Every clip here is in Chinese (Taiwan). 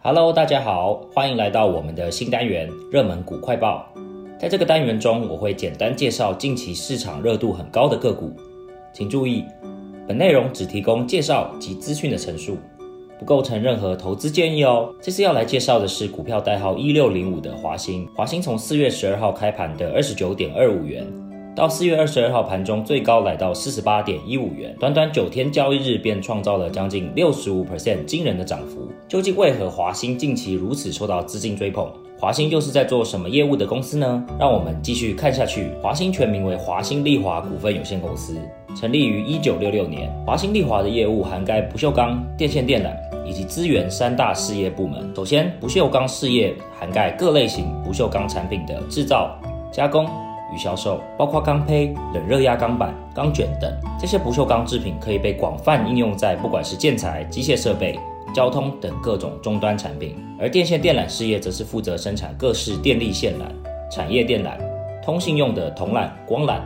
Hello，大家好，歡迎來到我們的新單元——熱門股快報。在這個單元中，我會簡單介紹近期市場熱度很高的個股。請注意，本內容只提供介紹及資訊的陳述，不構成任何投資建議哦。這次要來介紹的是股票代號一六零五的華新。華新從四月十二號開盤的二十九點二五元。到四月二十二號盤中最高來到四十八點一五元，短短九天交易日便創造了將近六十五%驚人的漲幅。究竟為何華新近期如此受到資金追捧？華新又是在做什麼業務的公司呢？讓我們繼續看下去。華新全名為華新麗華股份有限公司，成立於一九六六年。華新麗華的業務涵蓋不鏽鋼、電線電纜以及資源三大事業部門。首先，不鏽鋼事業涵蓋各類型不鏽鋼產品的制造、加工。與銷售包括鋼坯、冷熱壓鋼板、鋼捲等這些不鏽鋼製品，可以被廣泛應用在不管是建材、機械設備、交通等各種終端產品。而電線電纜事業則是負責生產各式電力線纜、產業電纜、通信用的銅纜、光纜。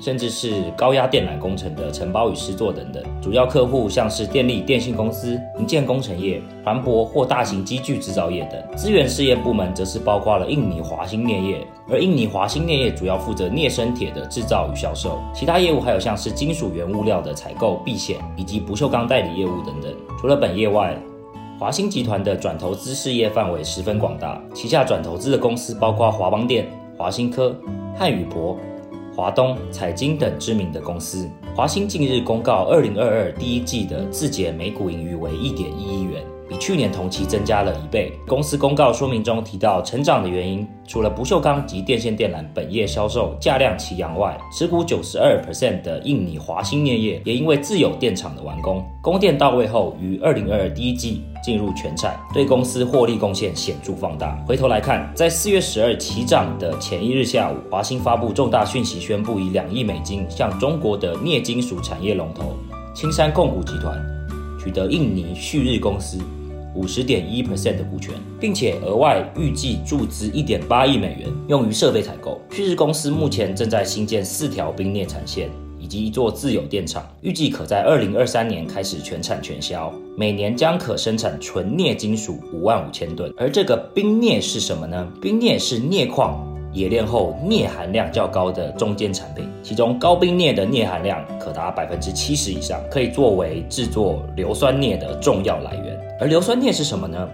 甚至是高壓電纜工程的承包與施作等等，主要客戶像是電力、電信公司、營建工程業、船舶或大型機具製造業等。資源事業部門則是包括了印尼華新鎳業，而印尼華新鎳業主要負責鎳生鐵的製造與銷售。其他業務還有像是金屬原物料的採購、避險以及不鏽鋼代理業務等等。除了本業外，華新集團的轉投資事業範圍十分廣大，旗下轉投資的公司包括華邦電、華新科、瀚宇博、華東、彩晶等知名的公司，華新近日公告，二零二二第一季的自結每股盈餘為一點一一元。比去年同期增加了一倍。公司公告說明中提到，成長的原因除了不鏽鋼及電線電纜本業銷售價量齊揚外，持股九十二 percent 的印尼華新鎳業也因為自有電廠的完工，工，供電到位後，於二零二二第一季進入全產，對公司獲利貢獻顯著放大。回頭來看，在四月十二起漲的前一日下午，華新發布重大訊息，宣布以兩億美金向中國的鎳金屬產業龍頭青山控股集團。取得印尼旭日公司五十點一 percent 的股權，並且額外預計注資一點八億美元，用於設備採購。旭日公司目前正在新建四條冰鎳產線以及一座自有電廠，預計可在二零二三年開始全產全銷，每年將可生產純鎳金屬五萬五千噸。而這個冰鎳是什麼呢？冰鎳是鎳礦。冶煉後鎳含量較高的中間產品，其中高冰鎳的鎳含量可達百分之七十以上，可以作為製作硫酸鎳的重要來源。而硫酸鎳是什麼呢？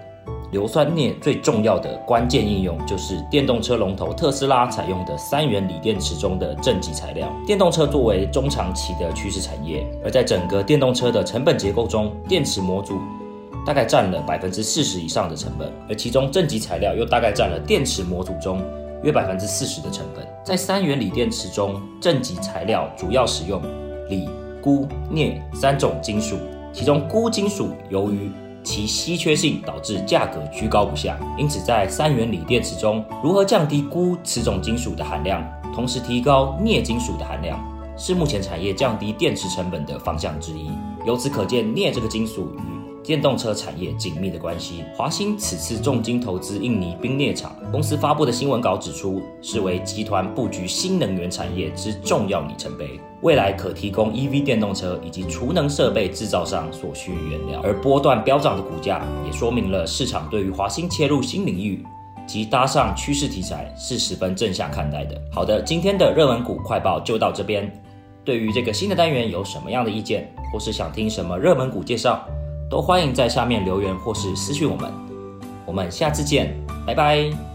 硫酸鎳最重要的關鍵應用就是電動車龍頭特斯拉採用的三元鋰電池中的正極材料。電動車作為中長期的趨勢產業，而在整個電動車的成本結構中，電池模組大概佔了百分之四十以上的成本，而其中正極材料又大概佔了電池模組中。約百分之四十的成本。在三元鋰電池中，正極材料主要使用鋰、鈷、鎳三種金屬，其中鈷金屬由於其稀缺性導致價格居高不下，因此在三元鋰電池中，如何降低鈷此種金屬的含量，同時提高鎳金屬的含量，是目前產業降低電池成本的方向之一。由此可見，鎳這個金屬與電動車產業緊密的關係，華新此次重金投資印尼冰裂廠，公司發布的新聞稿指出，是為集團布局新能源產業之重要里程碑，未來可提供 EV 電動車以及儲能設備制造上所需原料。而波段飆漲的股價，也說明了市場對於華新切入新領域及搭上趨勢題材是十分正向看待的。好的，今天的熱門股快報就到這邊。對於這個新的單元有什麼樣的意見，或是想聽什麼熱門股介紹？都歡迎在下面留言或是私信我們，我們下次見，拜拜。